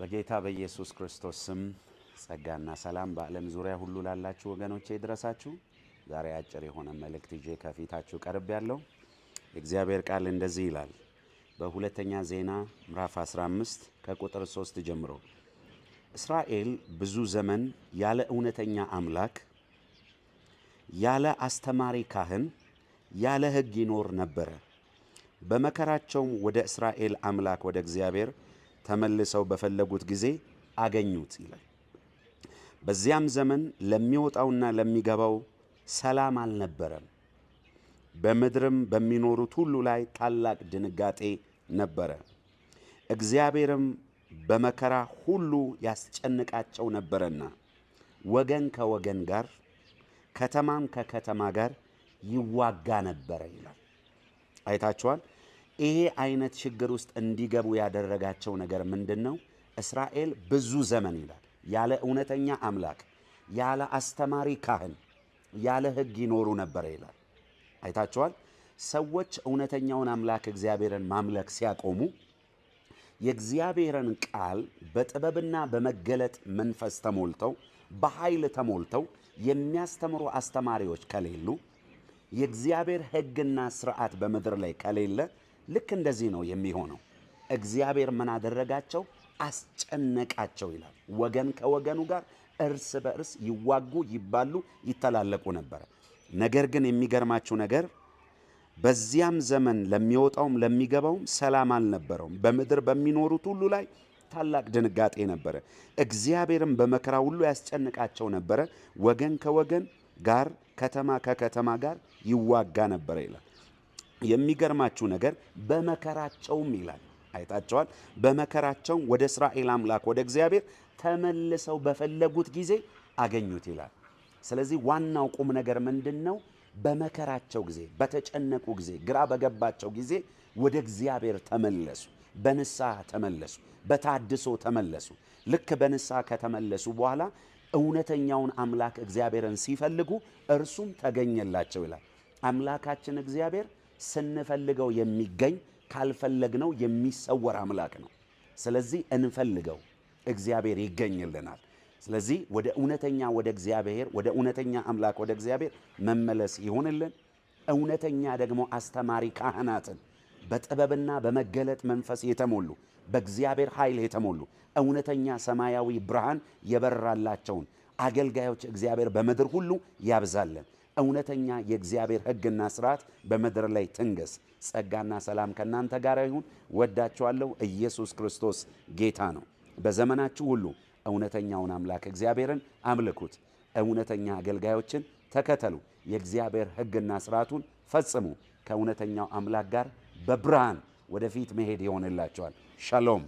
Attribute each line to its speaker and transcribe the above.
Speaker 1: በጌታ በኢየሱስ ክርስቶስ ስም ጸጋና ሰላም በዓለም ዙሪያ ሁሉ ላላችሁ ወገኖቼ ይድረሳችሁ። ዛሬ አጭር የሆነ መልእክት ይዤ ከፊታችሁ ቀርብ ያለው የእግዚአብሔር ቃል እንደዚህ ይላል በሁለተኛ ዜና ምዕራፍ 15 ከቁጥር 3 ጀምሮ እስራኤል ብዙ ዘመን ያለ እውነተኛ አምላክ ያለ አስተማሪ ካህን ያለ ሕግ ይኖር ነበረ። በመከራቸውም ወደ እስራኤል አምላክ ወደ እግዚአብሔር ተመልሰው በፈለጉት ጊዜ አገኙት ይላል። በዚያም ዘመን ለሚወጣውና ለሚገባው ሰላም አልነበረም። በምድርም በሚኖሩት ሁሉ ላይ ታላቅ ድንጋጤ ነበረ። እግዚአብሔርም በመከራ ሁሉ ያስጨንቃቸው ነበረና ወገን ከወገን ጋር ከተማም ከከተማ ጋር ይዋጋ ነበረ ይላል። አይታችኋል። ይሄ አይነት ችግር ውስጥ እንዲገቡ ያደረጋቸው ነገር ምንድን ነው? እስራኤል ብዙ ዘመን ይላል ያለ እውነተኛ አምላክ፣ ያለ አስተማሪ ካህን፣ ያለ ሕግ ይኖሩ ነበረ ይላል። አይታችኋል። ሰዎች እውነተኛውን አምላክ እግዚአብሔርን ማምለክ ሲያቆሙ የእግዚአብሔርን ቃል በጥበብና በመገለጥ መንፈስ ተሞልተው በኃይል ተሞልተው የሚያስተምሩ አስተማሪዎች ከሌሉ የእግዚአብሔር ሕግና ስርዓት በምድር ላይ ከሌለ ልክ እንደዚህ ነው የሚሆነው። እግዚአብሔር ምን አደረጋቸው? አስጨነቃቸው ይላል። ወገን ከወገኑ ጋር እርስ በእርስ ይዋጉ፣ ይባሉ፣ ይተላለቁ ነበረ። ነገር ግን የሚገርማችሁ ነገር በዚያም ዘመን ለሚወጣውም ለሚገባውም ሰላም አልነበረውም። በምድር በሚኖሩት ሁሉ ላይ ታላቅ ድንጋጤ ነበረ። እግዚአብሔርም በመከራ ሁሉ ያስጨንቃቸው ነበረ። ወገን ከወገን ጋር ከተማ ከከተማ ጋር ይዋጋ ነበረ ይላል። የሚገርማችሁ ነገር በመከራቸውም ይላል አይታቸዋል። በመከራቸው ወደ እስራኤል አምላክ ወደ እግዚአብሔር ተመልሰው በፈለጉት ጊዜ አገኙት ይላል። ስለዚህ ዋናው ቁም ነገር ምንድን ነው? በመከራቸው ጊዜ፣ በተጨነቁ ጊዜ፣ ግራ በገባቸው ጊዜ ወደ እግዚአብሔር ተመለሱ። በንሳ ተመለሱ፣ በታድሶ ተመለሱ። ልክ በንሳ ከተመለሱ በኋላ እውነተኛውን አምላክ እግዚአብሔርን ሲፈልጉ እርሱም ተገኘላቸው ይላል። አምላካችን እግዚአብሔር ስንፈልገው የሚገኝ ካልፈለግነው የሚሰወር አምላክ ነው። ስለዚህ እንፈልገው፣ እግዚአብሔር ይገኝልናል። ስለዚህ ወደ እውነተኛ ወደ እግዚአብሔር ወደ እውነተኛ አምላክ ወደ እግዚአብሔር መመለስ ይሆንልን እውነተኛ ደግሞ አስተማሪ ካህናትን በጥበብና በመገለጥ መንፈስ የተሞሉ በእግዚአብሔር ኃይል የተሞሉ እውነተኛ ሰማያዊ ብርሃን የበራላቸውን አገልጋዮች እግዚአብሔር በምድር ሁሉ ያብዛልን። እውነተኛ የእግዚአብሔር ሕግና ስርዓት በምድር ላይ ትንገስ። ጸጋና ሰላም ከእናንተ ጋር ይሁን። ወዳችኋለሁ። ኢየሱስ ክርስቶስ ጌታ ነው። በዘመናችሁ ሁሉ እውነተኛውን አምላክ እግዚአብሔርን አምልኩት። እውነተኛ አገልጋዮችን ተከተሉ። የእግዚአብሔር ሕግና ስርዓቱን ፈጽሙ። ከእውነተኛው አምላክ ጋር በብርሃን ወደፊት መሄድ ይሆንላቸዋል። ሻሎም